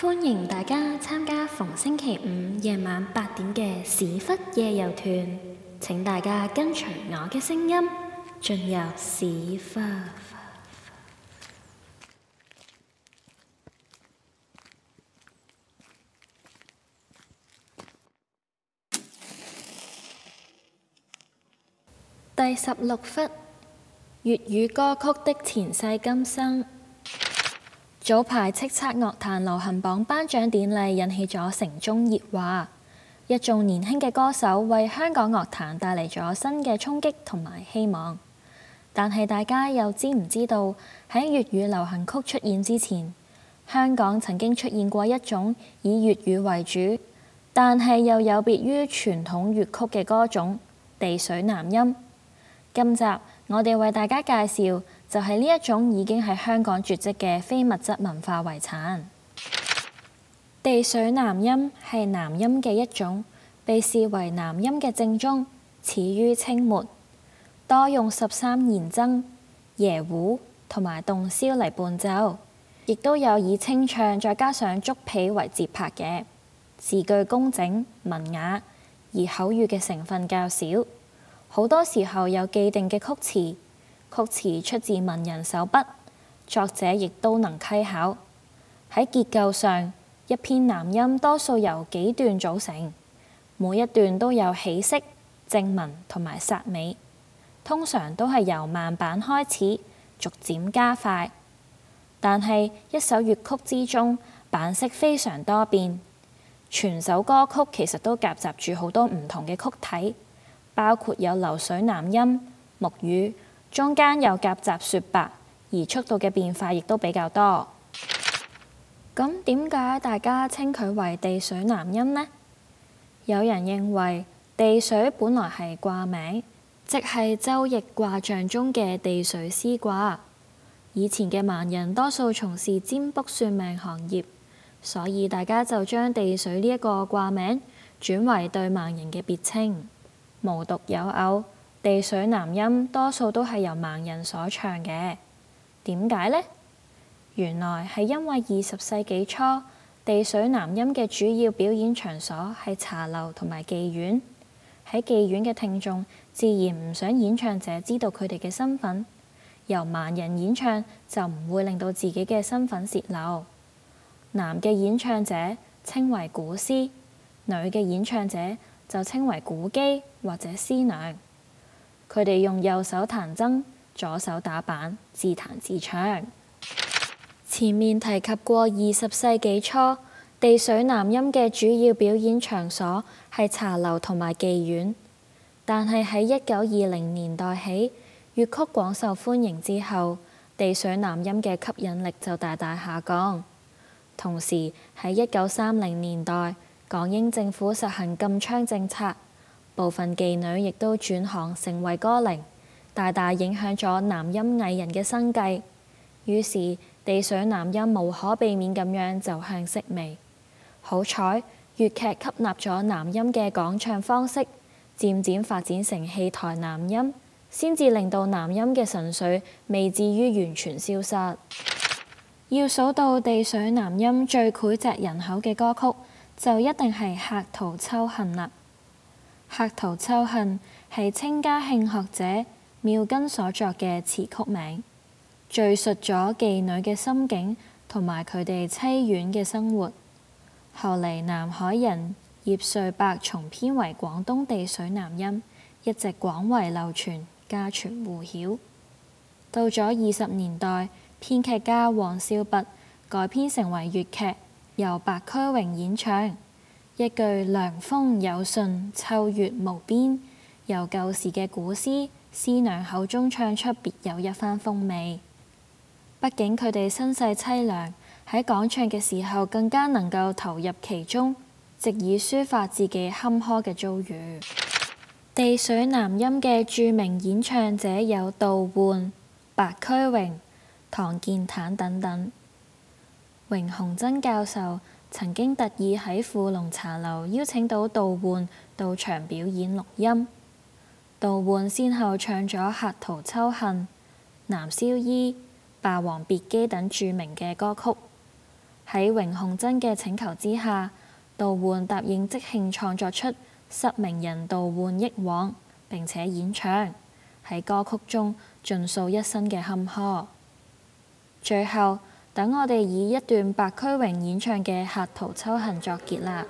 歡迎大家參加逢星期五夜晚八點嘅史窟夜遊團。請大家跟隨我嘅聲音進入史窟。第十六窟，粵語歌曲的前世今生。早排叱咤樂壇流行榜頒獎典禮引起咗城中熱話，一眾年輕嘅歌手為香港樂壇帶嚟咗新嘅衝擊同埋希望。但係大家又知唔知道喺粵語流行曲出現之前，香港曾經出現過一種以粵語為主，但係又有別於傳統粵曲嘅歌種——地水南音。今集我哋為大家介紹。就係呢一種已經係香港絕跡嘅非物質文化遺產。地水南音係南音嘅一種，被視為南音嘅正宗，始於清末，多用十三弦箏、椰胡同埋洞簫嚟伴奏，亦都有以清唱再加上竹皮為節拍嘅字句，工整文雅，而口語嘅成分較少，好多時候有既定嘅曲詞。曲詞出自文人手筆，作者亦都能稽考。喺結構上，一篇南音多數由幾段組成，每一段都有起色、正文同埋煞尾，通常都係由慢板開始，逐漸加快。但係一首粵曲之中，板式非常多變，全首歌曲其實都夾雜住好多唔同嘅曲體，包括有流水南音、木魚。中間有夾雜說白，而速度嘅變化亦都比較多。咁點解大家稱佢為地水南音呢？有人認為地水本來係卦名，即係周易卦象中嘅地水師卦。以前嘅盲人多數從事占卜算命行業，所以大家就將地水呢一個卦名轉為對盲人嘅別稱，無獨有偶。地水南音多數都係由盲人所唱嘅，點解呢？原來係因為二十世紀初，地水南音嘅主要表演場所係茶樓同埋妓院，喺妓院嘅聽眾自然唔想演唱者知道佢哋嘅身份，由盲人演唱就唔會令到自己嘅身份洩漏。男嘅演唱者稱為瞽師，女嘅演唱者就稱為瞽姬或者師娘。佢哋用右手彈箏，左手打板，自彈自唱。前面提及過，二十世紀初，地水南音嘅主要表演場所係茶樓同埋妓院。但係喺一九二零年代起，粵曲廣受歡迎之後，地水南音嘅吸引力就大大下降。同時喺一九三零年代，港英政府實行禁娼政策。部分妓女亦都轉行成為歌伶，大大影響咗南音藝人嘅生計。於是，地水南音無可避免咁樣走向式微。好彩，粵劇吸納咗南音嘅講唱方式，漸漸發展成戲台南音，先至令到南音嘅神髓未至於完全消失。要數到地水南音最膾炙人口嘅歌曲，就一定係《客途秋恨》啦。客途秋恨係清嘉慶學者妙根所作嘅詞曲名，敘述咗妓女嘅心境同埋佢哋淒怨嘅生活。後嚟南海人葉瑞伯重編為廣東地水南音，一直廣為流傳，家傳戶曉。到咗二十年代，編劇家黃少拔改編成為粵劇，由白駒榮演唱。一句涼風有信，秋月無邊，由舊時嘅古詩，師娘口中唱出，別有一番風味。畢竟佢哋身世淒涼，喺講唱嘅時候更加能夠投入其中，藉以抒發自己坎坷嘅遭遇。地水南音嘅著名演唱者有杜煥、白駒榮、唐健坦等等。榮鴻曾教授，曾經特意喺富隆茶樓邀請到杜煥到場表演錄音。杜煥先後唱咗《客途秋恨》、《男燒衣》、《霸王別姬》等著名嘅歌曲。喺榮鴻曾嘅請求之下，杜煥答應即興創作出《失明人杜煥憶往》，並且演唱喺歌曲中盡訴一生嘅坎坷。最後，等我哋以一段白駒榮演唱嘅《客途秋恨》作結啦。